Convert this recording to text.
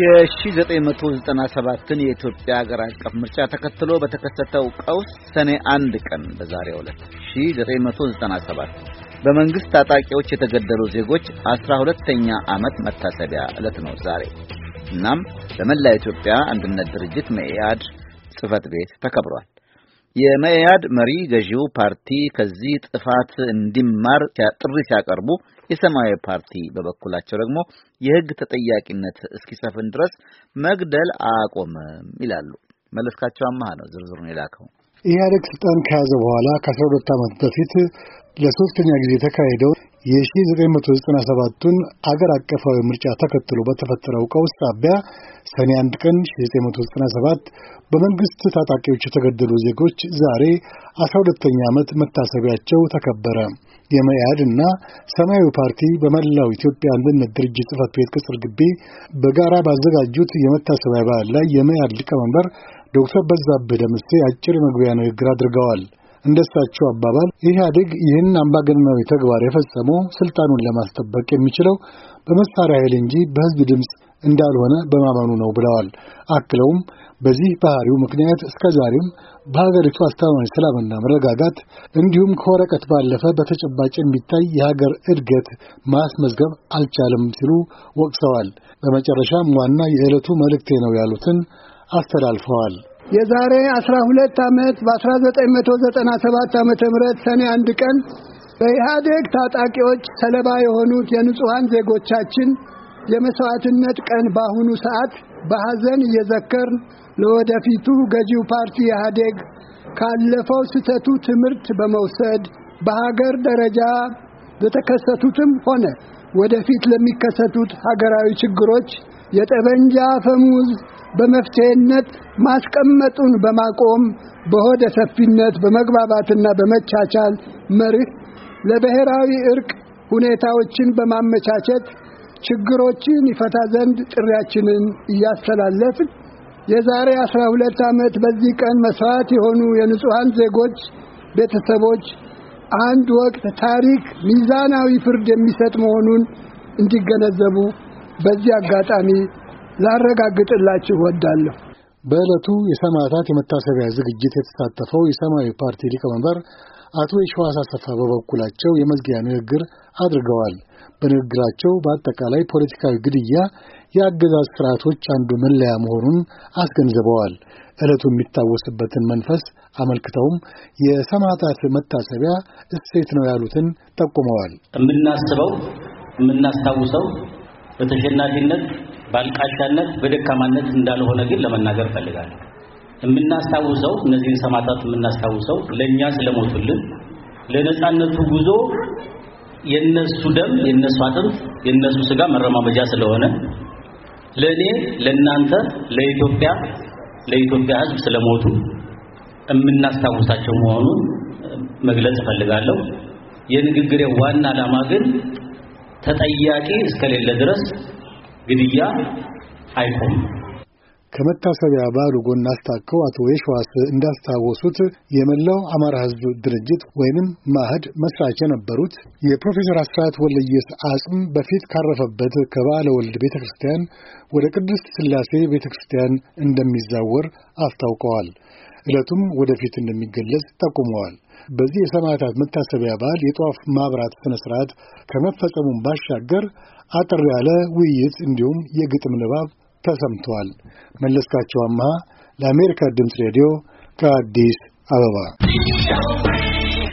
የ1997ን የኢትዮጵያ ሀገር አቀፍ ምርጫ ተከትሎ በተከሰተው ቀውስ ሰኔ አንድ ቀን በዛሬ ዕለት 1997 በመንግስት ታጣቂዎች የተገደሉ ዜጎች 12ተኛ ዓመት መታሰቢያ ዕለት ነው ዛሬ። እናም በመላ ኢትዮጵያ አንድነት ድርጅት መኢአድ ጽህፈት ቤት ተከብሯል። የመኢአድ መሪ ገዢው ፓርቲ ከዚህ ጥፋት እንዲማር ጥሪ ሲያቀርቡ፣ የሰማያዊ ፓርቲ በበኩላቸው ደግሞ የሕግ ተጠያቂነት እስኪሰፍን ድረስ መግደል አቆምም ይላሉ። መለስካቸው አማሃ ነው ዝርዝሩን የላከው። ኢህአደግ ስልጣን ከያዘ በኋላ ከአስራ ሁለት ዓመት በፊት ለሶስተኛ ጊዜ የተካሄደው የ1997ቱን አገር አቀፋዊ ምርጫ ተከትሎ በተፈጠረው ቀውስ ሳቢያ ሰኔ 1 ቀን 1997 በመንግሥት ታጣቂዎች የተገደሉ ዜጎች ዛሬ 12ኛ ዓመት መታሰቢያቸው ተከበረ። የመኢአድ እና ሰማያዊ ፓርቲ በመላው ኢትዮጵያ አንድነት ድርጅት ጽፈት ቤት ቅጽር ግቢ በጋራ ባዘጋጁት የመታሰቢያ በዓል ላይ የመኢአድ ሊቀመንበር ዶክተር በዛብህ ደምሴ አጭር የመግቢያ ንግግር አድርገዋል። እንደሳቸው አባባል ኢህአዴግ ይህን አምባገነናዊ ተግባር የፈጸመው ስልጣኑን ለማስጠበቅ የሚችለው በመሳሪያ ኃይል እንጂ በህዝብ ድምፅ እንዳልሆነ በማመኑ ነው ብለዋል። አክለውም በዚህ ባህሪው ምክንያት እስከ ዛሬም በሀገሪቱ አስተማማኝ ሰላምና መረጋጋት እንዲሁም ከወረቀት ባለፈ በተጨባጭ የሚታይ የሀገር እድገት ማስመዝገብ አልቻለም ሲሉ ወቅሰዋል። በመጨረሻም ዋና የዕለቱ መልእክቴ ነው ያሉትን አስተላልፈዋል። የዛሬ 12 ዓመት በ1997 ዓ.ም ምህረት ሰኔ አንድ ቀን በኢህአዴግ ታጣቂዎች ሰለባ የሆኑት የንጹሐን ዜጎቻችን የመስዋዕትነት ቀን በአሁኑ ሰዓት በሐዘን እየዘከርን ለወደፊቱ ገዢው ፓርቲ ኢህአዴግ ካለፈው ስህተቱ ትምህርት በመውሰድ በሀገር ደረጃ በተከሰቱትም ሆነ ወደፊት ለሚከሰቱት ሀገራዊ ችግሮች የጠበንጃ ፈሙዝ በመፍትሄነት ማስቀመጡን በማቆም በሆደ ሰፊነት በመግባባትና በመቻቻል መርህ ለብሔራዊ እርቅ ሁኔታዎችን በማመቻቸት ችግሮችን ይፈታ ዘንድ ጥሪያችንን እያስተላለፍን የዛሬ 12 ዓመት በዚህ ቀን መስዋዕት የሆኑ የንጹሐን ዜጎች ቤተሰቦች አንድ ወቅት ታሪክ ሚዛናዊ ፍርድ የሚሰጥ መሆኑን እንዲገነዘቡ በዚህ አጋጣሚ ላረጋግጥላችሁ ወዳለሁ በዕለቱ የሰማዕታት የመታሰቢያ ዝግጅት የተሳተፈው የሰማያዊ ፓርቲ ሊቀመንበር አቶ የሸዋስ አሰፋ በበኩላቸው የመዝጊያ ንግግር አድርገዋል። በንግግራቸው በአጠቃላይ ፖለቲካዊ ግድያ የአገዛዝ ስርዓቶች አንዱ መለያ መሆኑን አስገንዝበዋል። ዕለቱ የሚታወስበትን መንፈስ አመልክተውም የሰማዕታት መታሰቢያ እሴት ነው ያሉትን ጠቁመዋል። የምናስበው የምናስታውሰው በተሸናፊነት፣ ባልቃሻነት በደካማነት እንዳልሆነ ግን ለመናገር ፈልጋለሁ። የምናስታውሰው እነዚህን ሰማዕታት የምናስታውሰው ለእኛ ስለሞቱልን ለነፃነቱ ጉዞ የነሱ ደም የነሱ አጥንት የነሱ ስጋ መረማመጃ ስለሆነ ለእኔ ለእናንተ ለኢትዮጵያ ለኢትዮጵያ ሕዝብ ስለሞቱ የምናስታውሳቸው መሆኑን መግለጽ እፈልጋለሁ። የንግግሬ ዋና ዓላማ ግን ተጠያቂ እስከሌለ ድረስ ግድያ አይቆም። ከመታሰቢያ በዓሉ ጎን አስታከው አቶ የሸዋስ እንዳስታወሱት የመላው አማራ ሕዝብ ድርጅት ወይንም ማህድ መስራች የነበሩት የፕሮፌሰር አስራት ወልደየስ አጽም በፊት ካረፈበት ከባለ ወልድ ቤተ ክርስቲያን ወደ ቅድስት ስላሴ ቤተ ክርስቲያን እንደሚዛወር አስታውቀዋል። ዕለቱም ወደፊት እንደሚገለጽ ጠቁመዋል። በዚህ የሰማዕታት መታሰቢያ በዓል የጧፍ ማብራት ሥነ ሥርዓት ከመፈጸሙም ባሻገር አጠር ያለ ውይይት እንዲሁም የግጥም ንባብ ተሰምተዋል። መለስካቸው አምሃ ለአሜሪካ ድምፅ ሬዲዮ ከአዲስ አበባ